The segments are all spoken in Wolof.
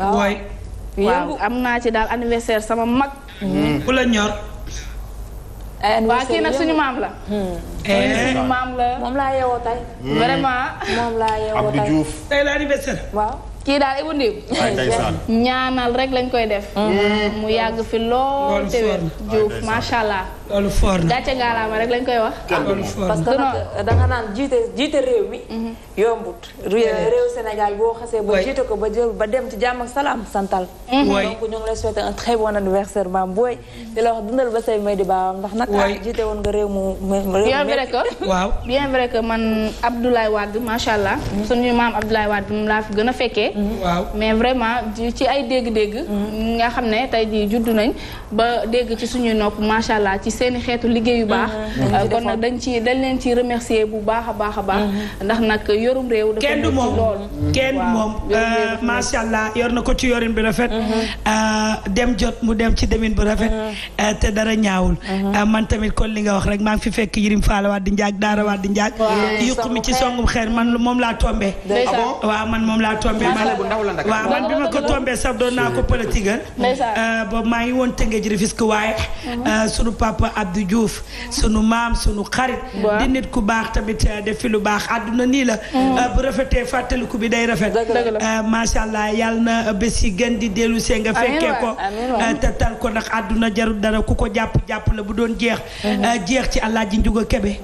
waaw am naa ci daal anniversaire sama mag. Hmm. ku la ñor. waa kii nag suñu maam la. Hmm. Eh. laa yeewoo hmm. vraiment. moom laa waaw kii daal Ibou Ndim. ñaanal rek lañ koy def. mu yàgg fi lool. loolu Diouf macha allah. loolu foor a gàcce ngaalaama rek lañ koy wax. parce que da nga naan jiite jiite réew mi. Mhm. yombut. réew Sénégal boo xasee. ba jiite ko ba jël ba dem ci jàmm ak salaam santal. Mhm. donc ñu ngi lay souhaiter un très bon anniversaire maam booy. di la wax dundal ba say may di baawam ndax nag. jiite woon nga réew mu. bien vrai que waaw bien vrai que man Abdoulaye Wade macha allah. Mhm. suñu maam Abdoulaye Wade moom laa fi gën a fekkee. waaw mais vraiment ci ay dégg-dégg. nga xam ne tey jii juddu nañ ba dégg ci suñuy nopp macha allah ci seen i xeetu liggéey yu baax. Mhm. kon dañ ci dañ leen ci remercier bu baax a baax a baax. Mhm. ndax nag yorum réew. dafa nekk lool waaw euh, kenn macha allah yor na ko ci yorin bi rafet. Mhm. Euh, dem jot mu dem ci demin bu rafet. Euh, te dara ñaawul. man tamit kon li nga wax rek maa ngi fi fekk Yirim Fall waat di njaag Daara waa di njaag. yuq mi ci songum xeer man moom laa tombé. Ah waaw man moom laa tombé. man bi ma ko tombé sax doon naa ko politique. maa ngi woon Tëngéej Rufisque waaye sunu papa Abdou Diouf sunu maam sunu xarit di nit ku baax tamit eh, def fi lu baax àdduna nii la mm. eh, bu rafetee fàttaliku bi day rafet eh, macha allah yàlla na bés yi gën di dellu see nga fekkee ko te tal ko ndax àdduna jarul dara ku ko jàpp-jàpp la bu doon jeex mm-hmm. jeex ci Alaaji Njuga Kebe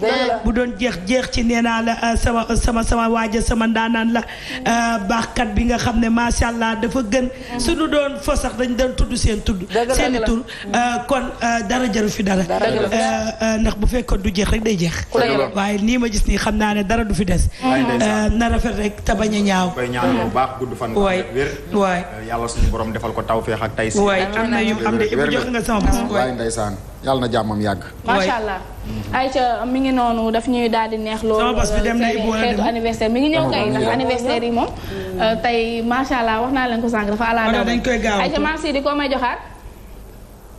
bu doon jeex jeex ci nee naa la sama sama sama waaja sama ndaanaan la mm-hmm. baaxkat bi nga xam ne macha allah dafa gën mm-hmm. suñu doon fo sax dañu doon tudd seen tudd seen i tur kon dara jaru fi dara dara euh, euh, ndax bu fekkoon du jeex rek day jeex. waaye nii ma gis nii xam naa ne dara du fi des. Euh, na rafet rek te bañ a ñaaw. koy ñaanal bu baax gudd fan. waay waay yàlla suñu borom defal ko tawféex ak tey si. waay am na yu am na yu jox nga sama bés. waay ndeysaan yàlla na jàmmam yàgg. macha allah. ayca mi ngi noonu daf ñuy daal di neex loolu. sama bés bi dem na xeetu anniversaire mi ngi ñëw kay ndax anniversaire yi moom. tey macha allah wax naa leen ko sànq dafa ala. dañ koy gaaw ayca merci di ko may joxaat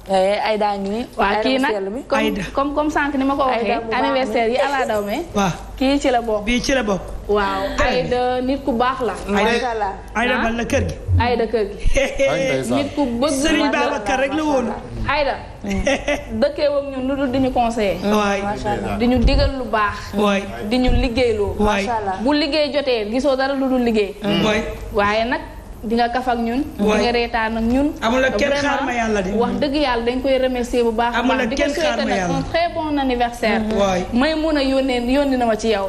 Eh, ay ngi ni waaw kii nag comme comme sànq ni ma ko waxee anniversaire yi ala daw me waaw kii ci la bokk bii ci la bokk waaw Aïda nit ku baax la macha allah Aïda ah? bal kër gi Aïda kër gi nit ku bëgg Serigne Babacar rek la woonu Aïda dëkkee woon ñun lu dul di ñu conseillé di ñu digal lu baax waay di ñu liggéeyloo waay bu liggéey jotee gisoo dara lu dul liggéey waaye nag di nga kaf ak ñun. di nga reetaan ak ñun. amul ak kenn xaar ma di wax dëgg yàlla dañ koy remercier bu baax. amul ak kenn xaar ma yàlla di ko souhaiter nag un très bon anniversaire. may mun a yónnee na ma ci yow.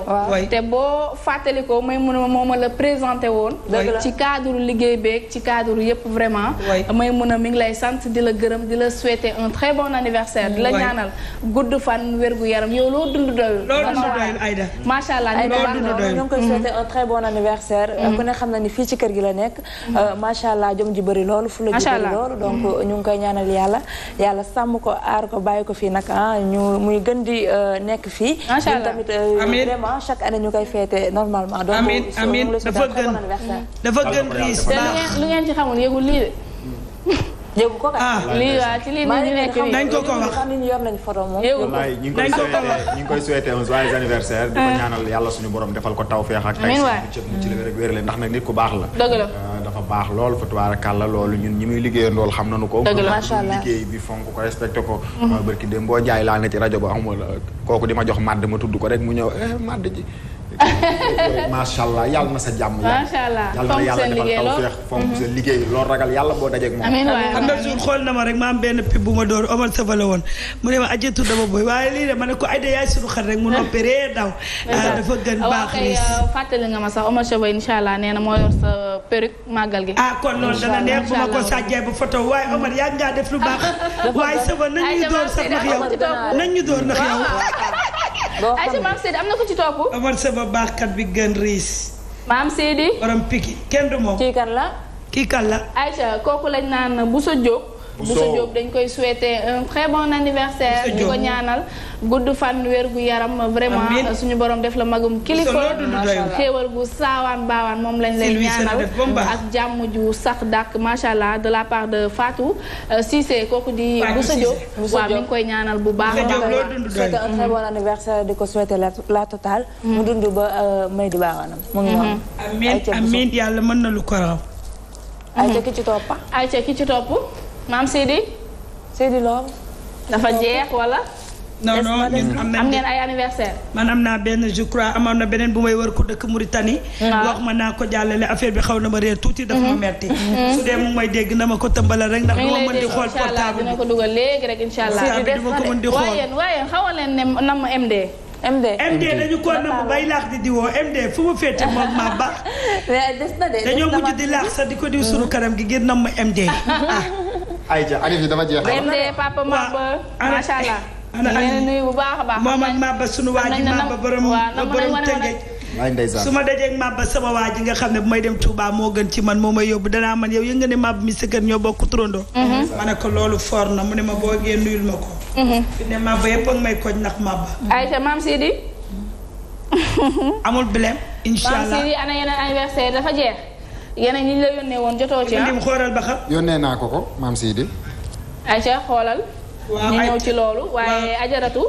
te boo fàttali ko may mun a moo ma la présenté woon. ci cadre liggéey beeg ci cadre yépp vraiment. may mun a mi ngi lay sant di la gërëm di la souhaiter un très bon anniversaire. di la ñaanal gudd fan wér gu yaram yow loo dund doyul. loo dund doyul Aïda. macha allah ma ngi koy souhaiter un très bon anniversaire. Mhm. ku ne xam na ni fii ci kër gi la nekk Euh, macha allah jom ji bari loolu fu la ji bëri loolu donc mm. ñu ngi koy ñaanal yàlla yàlla sàmm ko aar ko bàyyi ko fii nag ah ñu muy gën di euh, nekk fii ñun tamit euh, vraiment ñu koy féete normalement donc amiin dafa gën dafa gën riis te lu ngeen ci xamul yëgul lii de yëgu ko ah lii waa ci lii nekk nii ko ko wax ñu ngi koy souhaité ñu ngi ñaanal yàlla suñu borom defal ko taw ak tay ci mu nit ku baax la la dafa baax lool fa tubaarakàlla loolu ñun ñi muy liggéeyandool xam na nañu ko liggéey bi fonk ko respecté ko mhm. barki démb boo jaay laa na ci rajo ba amul kooku di jox madd ma tudd ko rek mu ñëw eh, màdd ji macha allah yàlla na sa jàmm. macha sa liggéey lool fonk mhm. sa liggéey lool ragal yàlla boo dajeeg moom. amiin waay am na xool na ma rek ma am benn pib ma door Omar Saba la woon mu ne ma ajjatu booy waaye lii de ma ne ko ay de yaay sunu xar rek mu noppi ree daw. Ah, dafa gën baax liis waaw euh, nga ma sax Omar Saba incha allah nee na moo yor sa gi. ah kon loolu dana neex bu ma ko sàjjee ba photo waaye Omar yaa ngaa def baax waaye Saba nañ ñu door sax ndax boo xam maam Seydi am na ko ci topp. Omar sama baaxkat bi gën riis. maam Seydi. borom piki kenn du moom. kii kan la. kii kan la. Aïcha kooku lañ naan bu sa jóg. Moussa Diop dañ koy souhaiter un très bon anniversaire. di ko ñaanal gudd fan wér gu yaram. vraiment suñu borom def la magum kilifa. xéewal gu saawaan baawaan moom lañ lay ñaanal. ak jàmm ju sax dàkk macha allah de la part de Fatou euh, Cissé kooku di. Moussa Diop sa mi ngi koy ñaanal bu baax. c'est un très bon anniversaire di ko souhaiter la la totale. mu mm-hmm. dund ba euh, may di baawaanam. mu ngi noonu. Mm-hmm. amiin amiin yàlla mën na lu ko raw. ayca ki ci topp. ayca ki ci topp. maam Seydi Seydi Lo dafa jeex wala. non non am neen ay anniversaire. man am naa benn je crois amoon na beneen bu may wër ku dëkk mu Mauritanie. wax ma naa ko jàllale affaire bi xaw na ma réer tuuti. dafa ma mhm. metti mhm. su dee mu may dégg na ma ko tëmbalal rek. ndax du ma mën di xool portable léegi rek incha allah. du ma ko waaye waaye xawal leen ne nam MD. MD MD dañu ko nam bay laax di diwoo MD fu mu féete moom maa baax. des na de dañoo mujj di laax sax di ko diw sunu mm. kanam gi ngir nam MD ah. ayca alif yi dafa jeex. waaw a baax. moom waa ji Maba borom borom tëngeej. waay su ma dajeeg Maba sama waa ji nga xam ne bu dem Touba moo gën ci man moo mhm. ma ne ko loolu for na mu ne ma boo gee nuyul ma ko. Mhm. fi ne a ngi may amul bilem. incha ana yeneen anniversaire dafa jeex. yeneen yi ñu la yónnee woon jotoo ci am ndim ah. xoolal ba xam. yónnee naa ko ko maam Sidi. ayca xoolal. waaw ñu ñëw ci loolu waaye ajaratu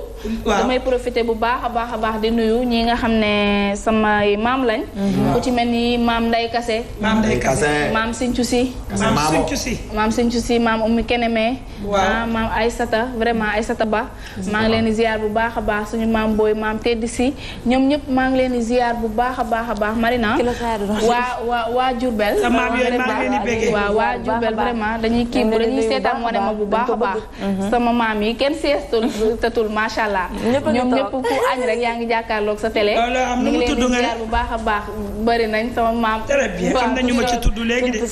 damay profité bu baax a baax a baax di nuyu ñi nga xam ne samay maam lañ mhm. ku ci mel ni maam Nday Kase maam Nday Kase maam Sincu Si maam Sincu Si maam Sincu Si maam Ummi Keneme waaw ah, maam Aysata vraiment Aysata Ba maa ngi leen di bu baax a baax suñu maam booy maam tedd si ñoom ñëpp maa ngi leen di bu baax a baax a baax Marina waa waa waa Jurbel waa Jurbel vraiment dañuy kii bu dañuy seetaan wane ma bu baax a baax sama maam yi kenn seetul tëtul macha allah. ñëpp ku añ rek yaa ngi jàkkaarloog sa télé. ñu bu baax a baax bëri nañ sama maam. très bien na ñu ma ci tudd léegi de.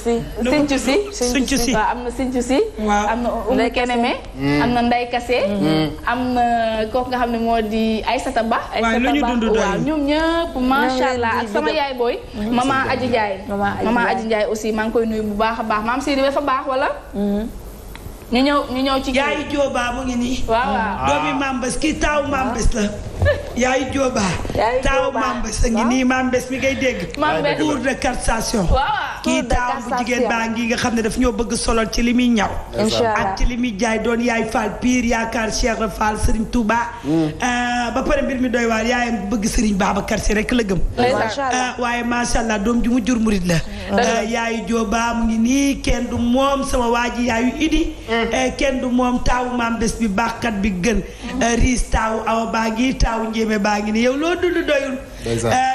sincu si sincu si waaw am na sincu si. waaw am na Umu Keneme. Mm. am na Nday Kase. Mm-hmm. am na kook nga xam ne moo di Aysata Ba. waaw lu ñu dund doy waaw ñoom ñëpp macha ak sama yaay booy. maman Aji Ndiaye maman Aji Ndiaye aussi maa koy nuyu bu baax a baax maam Sidi dafa baax wala. Mm-hmm. ñu ñëw ñu ñëw ci. yaayu mu ngi nii. waaw waaw ah. doomi Mambes kii taawu Mambes la. yaayu Jóoba. yaayu Jóoba taawu Mambes a ngi nii Mambes mi ngay dégg. Mambes de cassation. kii taaw bu jigéen baa ngi nga xam ne daf ñoo bëgg solol ci li muy ñaw. ak ci li muy jaay doon yaay Fall Pire yaakaar Cheikh Fall Serigne Touba. Mm. Euh, ba pare mbir mi doy waar yaayam bëgg Serigne Babacar Si rek la gëm. Euh, waaye macha allah doom ju mu jur murid la. Eh, yaayu Jóoba mu ngi nii kenn du moom sama waa ji yaayu Idi. Mm. Eh, kenn du moom taawu maam bés bi baaxkat bi gën. Mm. Eh, riis taawu awa baa ngi taawu njéeme baa ngi nii yow loo dund doyul.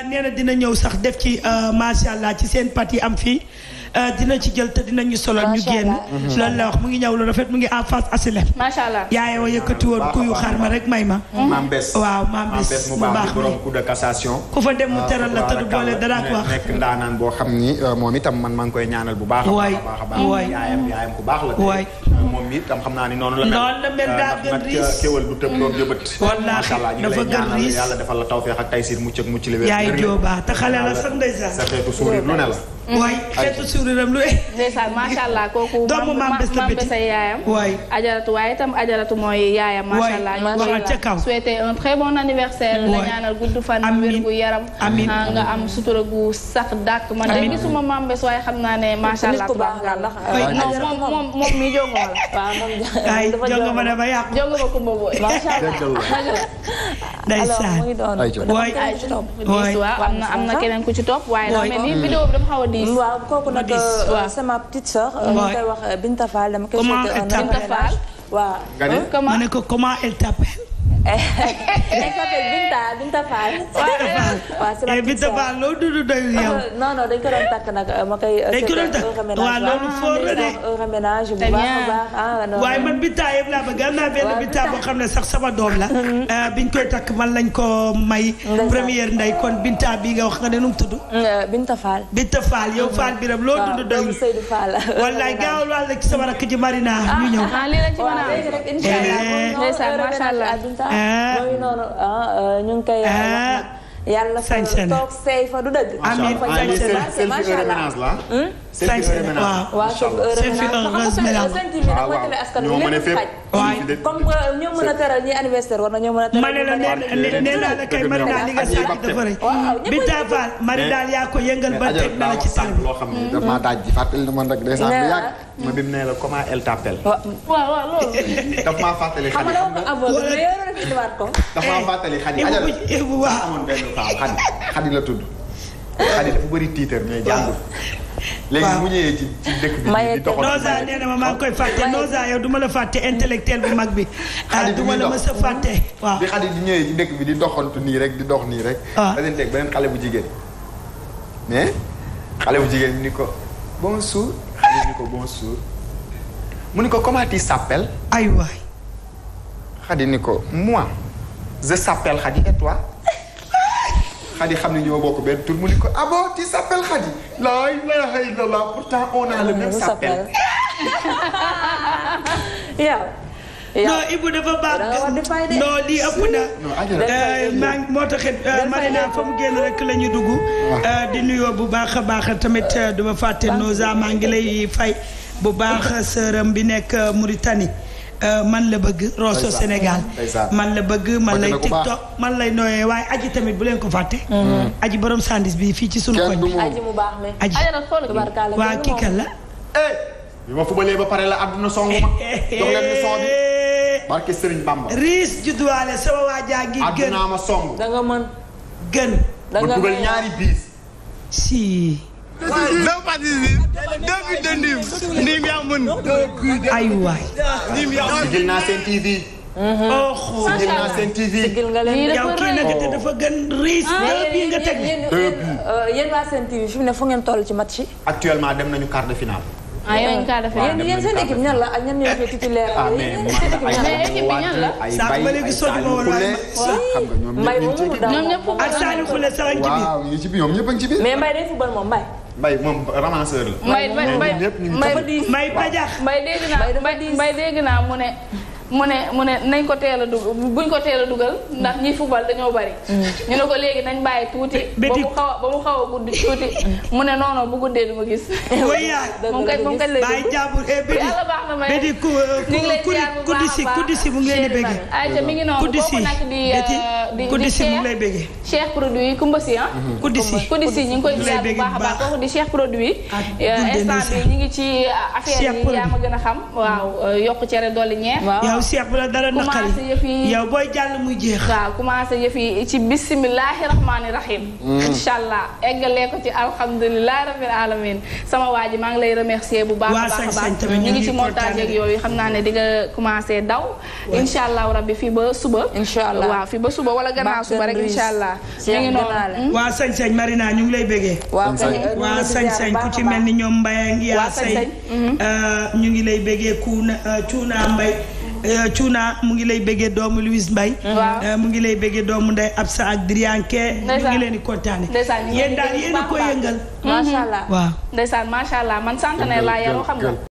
neena dina ñëw sax def ci macha allah ci seen pat yi am fii. Euh, dina ci jël te dinañu solal ñu génn loolu la wax mu ngi ñëw lu rafet mu ngi en face asilem yaayoo yëkkati woon kuyu xar ma rek may ma mm-hmm. maam bés waaw maam bés mu baax borom cour de cassation ku fa mu ah, dara ak wax nekk boo xam ni euh, moom itam man maa ngi koy ñaanal bu baax waay waay yaayam yaayam ku baax la waay moom itam xam naa ni noonu la noonu la mel euh, daa gën riis kéwal du tëb a jëbët gën riis yàlla defal la tawfeex ak taysir mucc ak mucc la joobaa te xale la sax ndeysaan sa waay xeetu suuriram lu ndeysaan allah kooku. doomu maam bés ay yaayam. waay ajaratu waaye itam ajaratu mooy yaayam. macha allah waxal un très bon anniversaire. la ñaanal gudd fan. wér gu yaram. amiin ah, nga am sutura gu sax dàkk. man de gisuma maam bés waaye xam naa ne macha allah. moom moom moom mi jongo ma la. waaw moom dafa jongo ma dafa yàqu. jongo ma kumba booy. macha allah. ndeysaan. waay waay am na am na keneen ku ci topp waaye dafa mel ni vidéo bi dafa a diis waaw kooku nag sama euh, petite sœur. Euh, mu ngi koy wax euh, Binta Fall dama koy. comment elle t'appelle waaw. nga ne ma ne ko comment elle t'appelle. Binta Binta Fall. waaw c'est la Binta Fall loo dund doyul yow. non non dañ ko doon takk nag ma koy. dañ ko doon takk waaw loolu fort la de. reménage bu baax a baax ah non. waaye man Binta yëpp laa bëgg am naa benn Binta boo xam ne sax sama doom la. biñ koy takk man lañ ko may. première nday kon Binta bii nga wax nga ne nu mu tudd. Binta Fall. Binta Fall yow Fall biram loo dund doyul. waaw Seydou Fall. wallaay gaawal wàll ci sama rakk ji Marina ñu ñëw. ah lii la ci mën a. waaw léegi rek incha allah. mooy ah. noonu ah, euh, ñu ngi koy wax ah. yàlla fa toog seey fa du dëgg. amiin macha allah hmm? waaw comme euh, ñoo mën a teral ñi anniversaire war na ñoo mën a teral. ma ne la nee naa la kay mari daal li nga sàcc dafa rëy. bi taafaal mari daal yaa ko yëngal ba teg na la ci saal bi. loo xam ne hmm. damaa daaj ji fàttali na man rek des bu hmm. yàgg. ma bi mu ne la comment elle t'appelle. waaw waaw loolu. daf maa fàttali indiwaat ko. dafa am eh, fàttali xadi ajal la tudd. xadi dafa bëri tiitar mais jàngul. bu ñëwee ci ci dëkk bi. maye te Noza nee na ma maa ngi bi. xadi du ma la bi xadi ah, di ñëwee ci dëkk bi di doxantu nii rek di dox nii rek. waaw ah. da leen teg beneen xale bu jigéen. mais xale bu jigéen ni ko bonjour xale ni ko bonjour mu ni ko comment il ay aywaay. Khady ni ko moi je s'appelle Khady et toi Khady xam ne ñoo benn tur mu ni ko ah bon tu s'appelles Khady la ilaha illallah pourtant on a le ah, même s'appelle yow non Ibou dafa baax non lii ëpp na euh, moo tax euh, Marina fa mu génn rek la dugg euh, di nuyoo bu baax a baax tamit duma fàtte Noza maa ngi lay fay bu baax sëram bi nekk Mauritanie Euh, man la bëgg Rosso Sénégal man la bëgg man lay TikTok man lay nooyee waaye aji tamit bu leen ko fàtte mm-hmm. aji borom sandis bi fii ci sunu koñ bi aji mu baax mi aji waa kii kan la eh! bi ma ba pare la àdduna song ma jox leen ni riis judduwaale sama waa jaa ngi gën àdduna danga mën gën danga dugal ñaari biis si deux parties deux buts de Ndim Ndim yaa mën. ay waay. Ndim yaa mën sigil naa seen TV. oh xool sigil naa seen TV. yow kii nag gën riche. Ah, deux buts nga teg deux buts. Euh, yéen ne fu ngeen toll ci match yi. actuellement dem nañu quart de finale. ah yéen yéen seen équipe ak ñan ñoo fee titulaire. ah mais ñan la. ay xam nga ñoom ñëpp ñu ngi ci biir. ñoom ñëpp mais Mbaye day moom Mbaye. mbay moom ramasseur la. mbay mbay mbay mbay dégg naa mbay dégg naa mu ne. mu ne mu ne nañ ko teel a dugal buñ ko teel a dugal ndax ñi fubal dañoo bari mm. ñu ne ko léegi nañ bàyyi tuuti ba mu xaw ba mu xaw a guddi tuuti mm. mu ne non bu guddee du ma gis moom kay moom kay lay bàyyi jàmbur eh, yàlla baax na ma ñu ngi lay jaar bu baax a baax kuddisi mu ngi leen di bëggee ayca noonu kooku nag euh, di di kuddisi mu ngi lay bëggee cheikh produit Kumba Si ah kuddisi mm-hmm. kuddisi ñu ngi koy jaar bu baax a baax kooku di cheikh produit euh, instant bi ñu ngi ci euh, affaire yi yaa ma gën a xam waaw yokk cere dolli ñeex Cheikh bu la dara naqari yow booy jàll muy jeex. waaw commencé yëf yi ci bisimilahi rahmaani rahim. Mm. incha allah eggalee ko ci alhamdulilah rabbil alamin sama waa maa ngi lay remercier bu baax a baax a baax ñu ngi ci montage ak yooyu xam naa ne di nga commencé daw. incha allah rabbi fii ba suba. incha allah waaw fii ba suba wala gannaaw suba rek incha allah. mi ngi noonu hmm? waa sañ sañ Marina ñu ngi lay bëggee. waaw sañ sañ ku ci mel ni ñoom Mbaye ak yaa sañ hmm? euh, ñu ngi lay bëggee Kuna euh, Cuna Eh, Cuuna mu ngi lay bëggee doomu mbay Mbaye eh, mu ngi lay bëggee doomu Ndeye Absa ak Dirianke ñu ngi leen di kontaane yéen daal yéen a ko yëngal macha allah waaw ndeysaan macha allah man sant ne laa yaroo xam nga